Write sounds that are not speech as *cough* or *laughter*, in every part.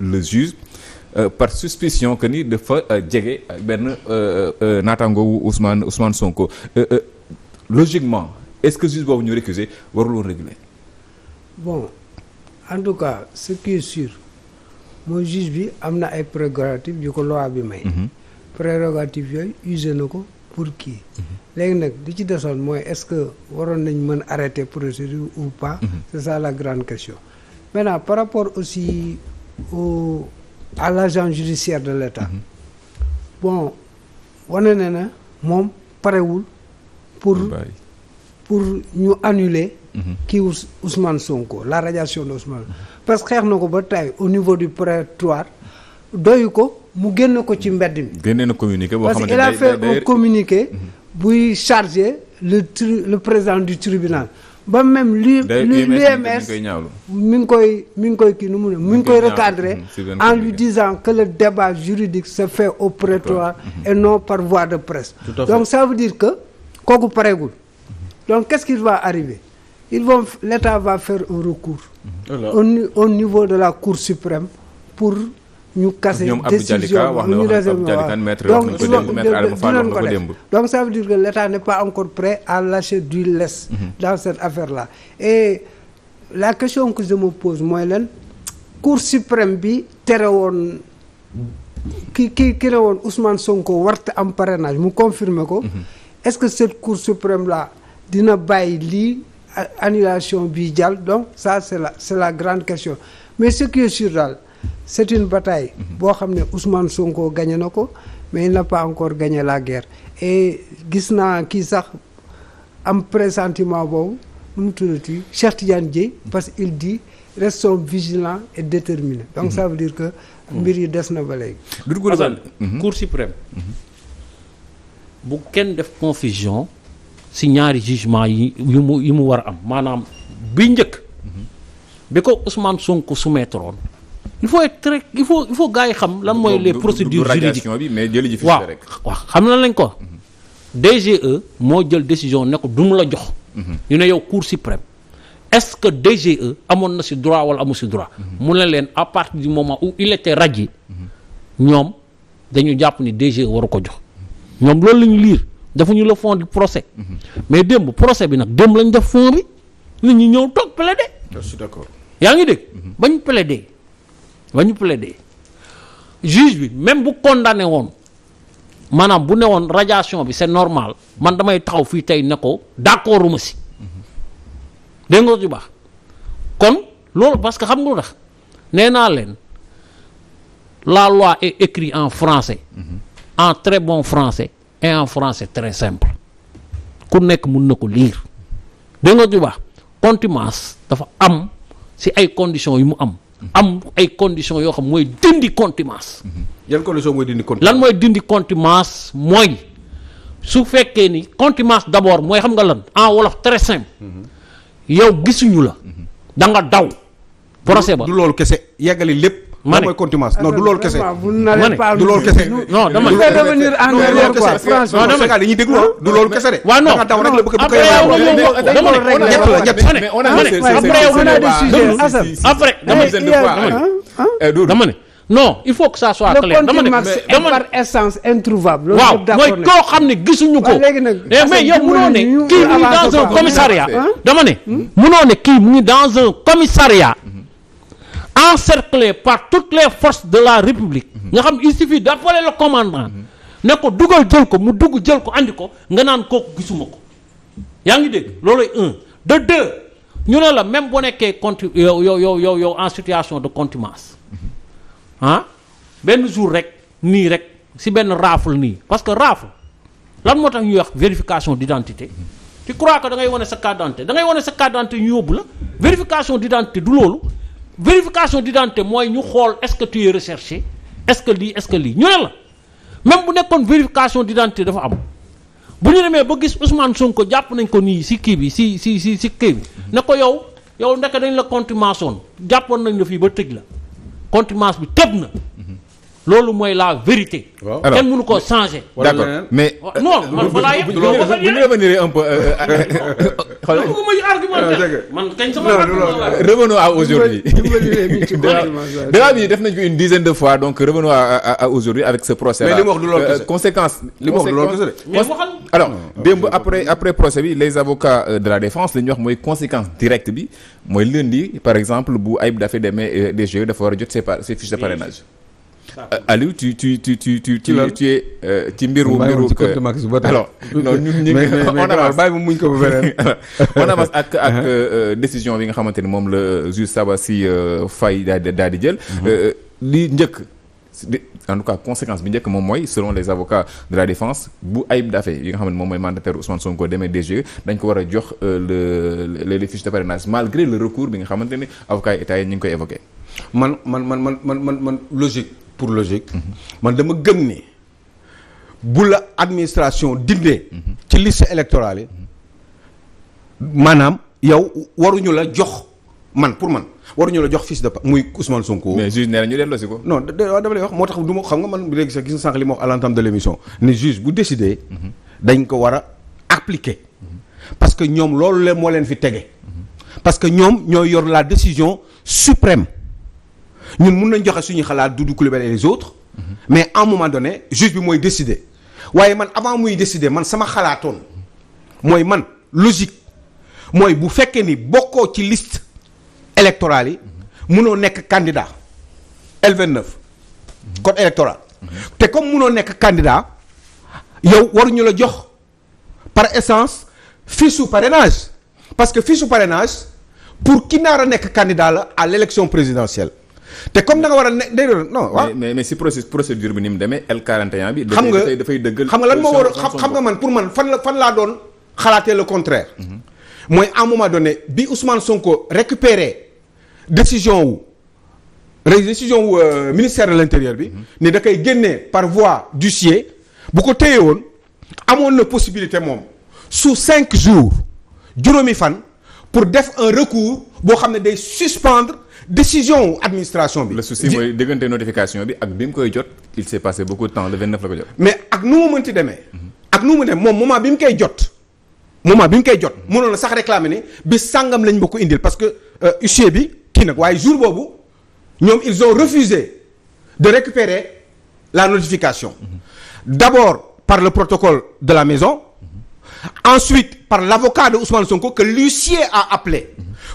le juge euh, par suspicion que ni dafa euh, jege euh, benn euh, nataangoo wu Ousmane Ousmane Sonko logiquement est-ce que juge boobu ñu récuser warul woon réguler. bon en tout cas ce qui est sûr mooy juge bi am na ay prérogatives yu ko loi bi may. Mhm. prérogatives yooyu usé na ko pour kii. Mhm. léegi nag li ci desoon mooy est-ce que waroon nañ mën arrêter procédure ou pas. Mhm. c'est ça la grande question maintenant par rapport aussi. au à l'agent judiciaire de l'État mm bon wane ne na moom parewul pour pour ñu annuler mhm. kii mm -hmm. Ousmane Sonko la radiation de Ousmane parce que xeex na ko ba tey au niveau du prétoire doy ko mu génn ko ci mbedd mi génne na communiqué boo xamante ne parce qu'il a fait un communiqué mhm. buy charger le le président du tribunal ba même li li l'UMS mi ngi koy mi ngi koy kii nu mu ne mi ngi koy recadrer en lui disant que le débat juridique se fait au prétoire mhm. et non par voie de presse donc ça veut dire que kooku pareegul donc qu'est-ce qui va arriver ils vont l'État va faire un recours au niveau de la Cour suprême pour ñu kase décision bi ñu donc donc ça veut dire que l' état pas encore prêt à lâcher du lest mhm. dans cette affaire la et la question que je me pose mooy lan cour suprême bi tere woon ki ki ki ne woon Ousmane Sonko warta am parrainage mu confirmer ko mhm. est ce que cette cour suprême la dina bàyyi lii annulation bi jàll donc ça c' la c' la grande question mais ce qui daal c'est une bataille boo xam ne Ousmane Sonko gagné na ko mais il n'a pas encore gagné la guerre et gis naa kii sax am pressentiment boobu nu mu tuddati Cheikh Tidiane Dièye parce qu'il dit restons vigilants et déterminés donc ça veut dire que mbir yi des na ba léegi Cour suprême bu kenn def confusion si ñaari jugement yi yu mu yi mu war a am maanaam bi njëkk bi ko Ousmane Sonko soumettroon il faut être très il faut il faut gars yi xam lan mooy les procédures juridiques waaw waa xam na lañ ko mhm. DGE moo jël décision ne ko du mu la jox mhm. ñu ne yow cour suprême est-ce que DGE amoon na si droit wala amu si droit mhm. mu ne leen à partir du moment où il était radié ñoom dañu jàpp ni DGE waru ko jox ñoom loolu la ñu liir dafa ñu le fond du procès mais démb procès bi nag démb lañ def fond bi nit ñi ñëw toog plaider. je yaa ngi dégg bañ plaider ba ñu plaider juge bi même bu condamné woon maanaam bu ne woon radiation bi c'est normal man damay taxaw fii tey ne ko d'accord ma si dégg nga ju baax kon loolu parce que xam nga lu tax nee naa leen la loi et écrite en français mm-hmm. en très bon français et en français très simple ku nekk mun na ko lire dégg nga ju baax contumace dafa am si ay conditions yu mu am am ay conditions yoo xam mooy dindi contimence yan mooy dindi contumace lan mooy dindi contumace mooy su fekkee ni contumace d'abord mooy xam nga lan en wolof très simple. Mhm. yow gisuñu la. Mhm. da daw. procès ba du loolu kese yeggali lépp. ma ne mooy contumace non du loolu kese. ma ne du loolu kese. non dama ne devenir en ah. de. Ah, non da eh, eh, non il faut que ça soit clair dama ne dama par essence introuvable. waaw mooy koo xam ne gisuñu ko. Eh, mais yow hmm? munoo ne kii mu dans un commissariat. kii mu ngi dans encerclé par toutes les forces de la république mhm. nga xam il suffit d'appeler le commandant mhm. ne ko dugal jël ko mu dugg jël ko andi ko nga naan kooku gisuma ko yaa ngi dégg looloy un de deux ñu ne la même boo nekkee conti yow yow yow yow yow en situation de contimence mhm. ah benn jour rek nii rek si benn raafle nii parce que raafle lan moo tax ñuy wax vérification d'identité tu crois que da ngay wane sa carte d'identité da ngay wane sa carte d'identité ñu yóbbu la vérification d'identité du loolu vérification d'identité mooy ñu xool est-ce que tu est-ce que lii est-ce que lii ñu ne la même bu nekkoon vérification d'identité dafa am bu ñu demee ba gis Ousmane Sonko jàpp nañ ko nii si kii bi si si si si kii bi ne ko yow yow ndeke dañ la contumace woon jàppoon nañ la fii ba tëj la contumace bi tëb na loolu mooy la vérité. waaw alors kenn mënu koo changer. d'accord mais. Oh, non man fa laa yegg. bu ñu revenir un peu. Euh, euh, euh, *laughs* man kañ sama. revenons à aujourd'hui *laughs* débat bi def nañ ko une dizaine de fois donc revenons à aujourd'hui avec ce procès là. mais wax du loolu conséquence. li mu wax du loolu kese mais waxal. alors démb après après procès bi les la ñuy wax mooy conséquence direct bi mooy lundi par exemple bu Ayib Daffé demee DG dafa war a jot ses fiches de parrainage. Euh, Aliou tu tu tu tu tu euh, ci mbiru mbiru euh, alors non ñun ñu *laughs* *laughs* on avance bàyyi ma ko ba beneen *laughs* on avance ak ak décision bi nga xamante ni moom la juge si Faye daal di daal di jël mhm. li njëkk en tout cas conséquence bi njëkk moom mooy selon les avocats de la défense bu Ayib Daffé yi nga xam ne moom mooy mandataire Ousmane Sonko demee DG dañ ko war a jox le les fiches de parrainage malgré le recours bi nga xamante ni avocats yi état yi ñu ngi koy évoqué. man man man man man man man logique. pour logique man dama gëm ni bu la administration dindee ci liste électorale yi maanaam yow waruñu la jox man pour man waruñu la jox fiche de pa muy Ousmane Sonko. mais juge nee na ñu delloosi ko. non de waaw dama wax moo tax du ma xam nga man léegi sax gis nga sànq li ma wax à l'entame de l'émission ne juge bu décidé. dañ ko war a appliquer. parce que ñoom loolu la moo leen fi tege. parce que ñoom ñoo yor la décision suprême. ñun mun nañ joxe suñu xalaat Doudou Coulibaly et les autres mhm. mais en un moment donné juge bi mooy décidé waaye man avant muy décider man sama xalaatoon mooy man logique mooy bu fekkee ni bokkoo ci list électorale yi mhm. munoo nekk candidat L29 mhm. code électoral te comme munoo nekk candidat yow waruñu la jox par essence fiche parrainage parce que fiche parenage pour ki naar a nekk candidat la à l'élection présidentielle te comme da nga war a ne day doon non waaw. mais mais si procé procédure bi ni mu demee L41 bi. xam nga dafay dëggal xam nga lan moo war xam nga man pour man fan la fan laa doon xalaatee le contraire. Mhm. mooy à un moment donné bi Ousmane Sonko récupéré décision wu décision wu euh, ministère de l' intérieur bi. Mhm. ne da kay génnee par voie d'huissier bu ko téye woon amoon na possibilité moom sous cinq jours juróomi fan pour def un recours boo xam ne day suspendre. décision administration bi. le souci mooy diggante notification bi ak bi mu koy jot. il s'est passé beaucoup de temps le 29 la ko jot. mais ak nu mu mënti demee. ak nu mu demee moom moment bi mu koy jot. moment bi mu koy jot mënoon la sax réclamer ne bi sàngam lañu ma ko indil parce que euh, huissier bi kii nag waaye jour boobu ñoom ils ont refusé de récupérer la notification. d'abord par le protocole de la maison. ensuite par l'avocat de Ousmane Sonko que l'huissier a appelé.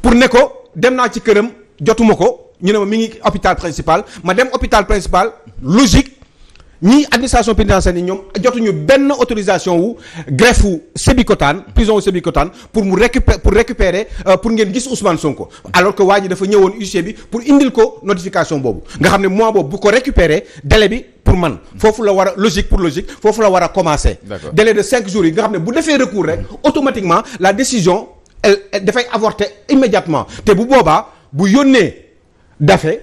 pour ne ko dem naa ci këram. jotuma ko ñu ne ma mi ngi hôpital principal ma dem hôpital principal logique ñii administration pénitentiaire yi ñoom jotuñu benn autorisation wu greffe wu Sébikotane prison wu Sébikotane pour mu récupérer pour euh, pour ngeen gis Ousmane Sonko alors que waa ji dafa ñëwoon huissier bi pour indil ko notification boobu nga xam ne mois boobu bu ko récupérer délai bi pour man foofu la war a logique pour logique foofu la war a commencer délai de cinq jours yi nga xam ne bu defee recours rek automatiquement la décision dafay avorter immédiatement te bu boobaa bu yónnee dafe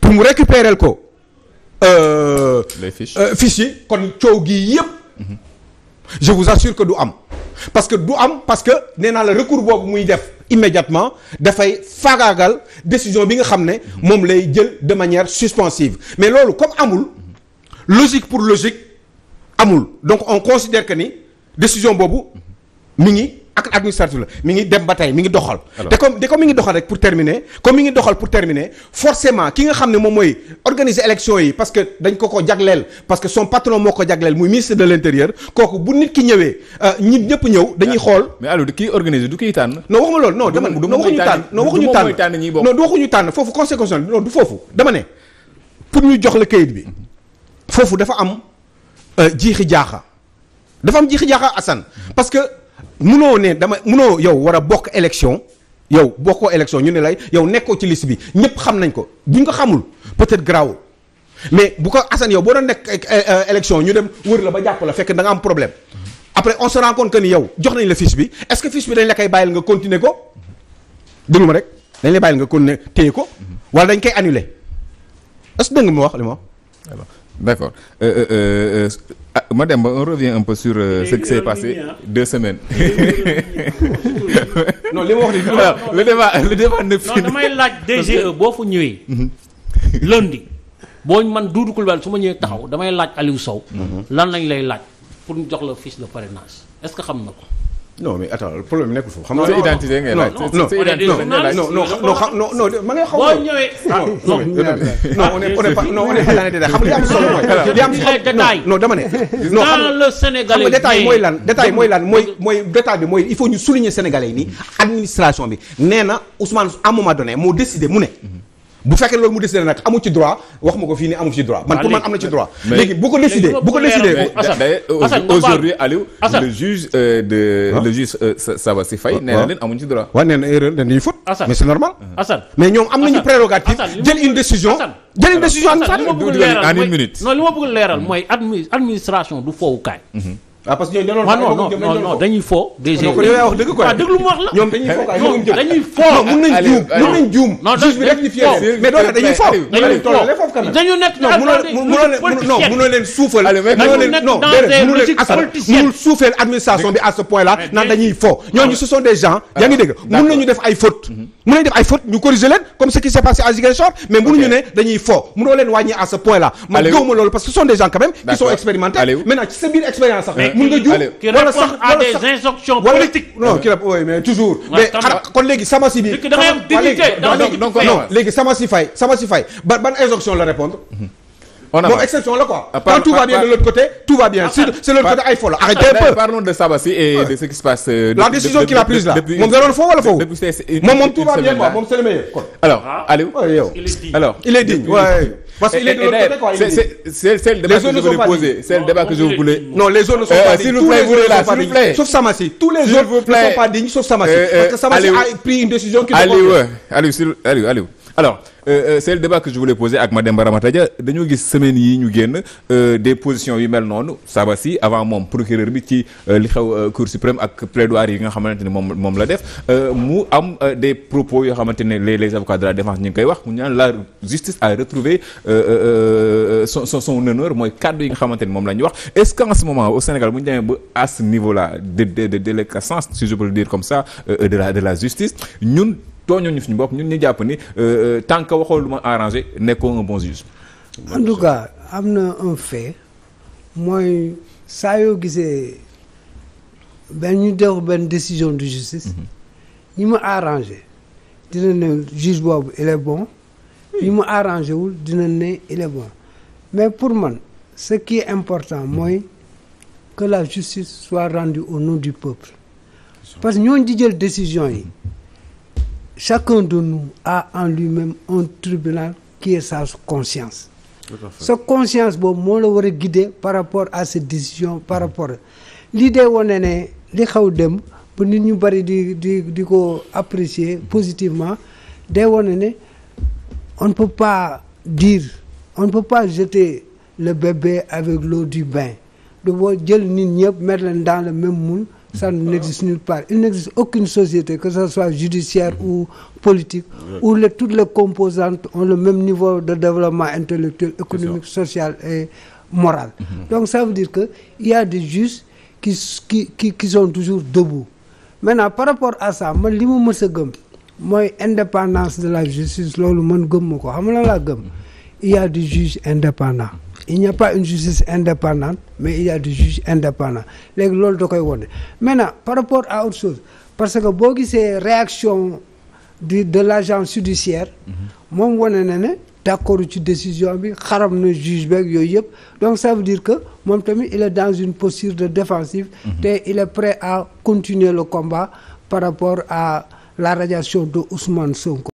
pour mu récupérer ko. Euh, les fiches euh, yi kon coow gi yëpp. je vous assure que du am parce que du am parce que nee naa la recours boobu muy def immédiatement dafay faagaagal décision bi nga xam ne moom lay jël de manière suspensive mais loolu comme amul logique pour logique amul donc on considère que ni décision boobu mu ngi ak administratif la ngi dem ba tey mi ngi doxal. te comme te comme mi ngi doxal rek pour terminer comme mi ngi doxal pour terminer forcément ki nga xam ne moom mooy organiser élection yi parce que dañ ko ko jagleel parce que son patron moo ko jagleel muy ministre de l' kooku bu nit ki ñëwee euh, ñëpp ñëw dañuy xool. mais alors kii organiser du kii tànn. non waxuma loolu non dama ne non waxuñu tànn non waxuñu tànn non du waxuñu tànn foofu conséquence non pour ñu jox la kayit bi foofu dafa am euh, jiixi jaaxa dafa am jiixi jaaxa Assane parce que munoo ne dama munoo yow war a bokk élection yow bokkoo élection ñu ne lay yow nekkoo ci liste bi ñëpp xam nañ ko buñ ko xamul peut-être garaawul mais bu ko Assane yow boo doon nekk eh, eh, eh, élection ñu dem wër la ba jàpp la fekk danga am problème après on se rend ni yow jox nañ la fiche bi est-ce que fiche bi dañ la bàyyil nga continuer ko déglu ma rek dañ lay bàyyil nga continuer téye ko wala dañ koy annuler est-ce ma wax li ma wax. d'accord euh, euh, euh, Mademba on revient un peu sur ce qui s'est passé deux semaines. non li ma wax nii alors le débat le débat ne. laaj DGE boo fa ñëwee. lundi boo man Doudou Coulibaly su ma ñëwee taxaw damay laaj Aliou Sow. lan lañ lay laaj pour ñu jox la fiche de parrainage est-ce que xam na ko. no mais attends problème nekkul foofu. xam nga sa identité ngay laaj. non non non non xam non non ma ngay xaw xam nga li am mooy. li am solo non mooy lan mooy lan bi mooy il faut ñu souligner sénégalais yi nii administration bi nee na Ousmane à un moo décidé mu ne. bu fekkee loolu mu décidé nag amu ci droit wax ma ko fii ni amu ci droit man pour man am na ci droit léegi bu ko décidé bu ko décidé aujourd'hui Aliou le juge euh, de le juge euh, Sabassy Faye amuñ ci droit waaw nee na erreur dañuy faute mais c'est normal mais ñoom am nañu prérogative jël une décision jël une décision en a minute non li ma bëgg leeral mooy administration du foowukaay mhm. Ah, parce que ah, ñoom dañuy fo. DG yow yaa wax dëgg quoi waaw déglu nañ juum mën nañ juum. non juge bi rek ñu fier mais leen suufal. mënoo leen non déedéet leen administration bi à ce point là naan dañuy fo ñooñu ce sont des gens. yaa ngi dégg mën nañu def ay fautes. Mhm. mën nañu def ay fautes ñu corriger leen comme ce qui s'est passé à Ziguinchor mais mënuñu ne dañuy fo mënoo leen wàññi à ce point là man gëwuma loolu parce que ce des gens quand qui sont expérimentés maintenant ci mun nga juum wala sax à des injonctions politiques non ki oui mais toujours mais xanaa kon léegi sama si bi da non léegi sama si fay sama si fay ba ban injonction la répondre on a bon exception là quoi. Ah, quand ah, va bien de l'autre côté tout va bien. c'est ah, c'est l'autre côté ay fo la arrêtez un peu. parlons de euh, la décision qu'il a prise là moom da doon fo wala fo. moom va bien quoi moom c'est le meilleur. alors Aliou. alors il est digne. parce qu'il eh, est eh, de l'autre eh, côté quoi. C'est le débat que je voulais poser. C'est le débat que je voulais. Non, les zones ne sont pas dignes. S'il vous plaît, vous là, s'il vous plaît. Sauf Samassi. Tous les autres ne sont pas dignes sauf Samassi. Parce que Samassi a pris une décision qui alors euh, c'est le débat que je voulais poser ak Mademba Ramata Dia dañoo gis semaine yi ñu génn des positions yu mel noonu si avant moom procureur bi ci li xew cour suprême ak plaidoirie yi nga xamante ne moom moom la def mu am des propos yoo xamante ne les les avocats de la défense ñu ngi koy wax mu ñaan la justice a retrouvé son honneur mooy kàddu yi nga xamante ne moom la ñu wax est-ce qu'en ce moment au Sénégal bu ñu demee ba à ce niveau là de de de la de la tooñuñu suñu bopp ñun ñu jàpp ni euh, euh, tant que waxoo lu ma arrangé nekkoo nga bon juge. en tout cas am na un fait mooy saa yoo gisee benn ñu def benn décision de justice. Mhm. ñi ma arrangé dina ne juge boobu il est bon. ñi ma arrangé wul dina ne il est bon mais pour man ce qui est important mooy que la justice soit rendue au nom du peuple. parce que ñooñ di jël décision yi. Mhm. chacun de nous a en lui-même un tribunal qui est sa conscience sa conscience boobu moo la war a guider par rapport à ses décisions par rapport lii dee wane ne li xaw dem ba nit ñu bëri di di di ko apprécier positivement day wane ne on ne peut pas dire on peut pas jeter le bébé avec l'eau du bain de boo jël nit ñëpp mettre leen dans le même moule Ça n'existe nulle part. Il n'existe aucune société, que ce soit judiciaire ou politique, où le, toutes les composantes ont le même niveau de développement intellectuel, économique, sociale et moral. Mhm. Donc ça veut dire qu'il y a des justes qui, qui, qui, qui sont toujours debout. Maintenant, par rapport à ça, ma li ma mës a gëm mooy indépendance de la justice loolu man gëm ma ko xam nga la laa gëm mhm. il y a des juges indépendants il n'y a pas une justice indépendante mais il y a des juges indépendants léegi loolu da koy wone maintenant par rapport à autre chose parce que boo gisee réaction di de l'agent judiciaire moom wane na ne d'accord ci décision bi xaram na juge beeg yooyu yëpp donc ça veut dire que moom tamit il est dans une posture de défensive mhm. te mm -hmm. il est prêt à continuer le combat par rapport à la radiation de Ousmane Sonko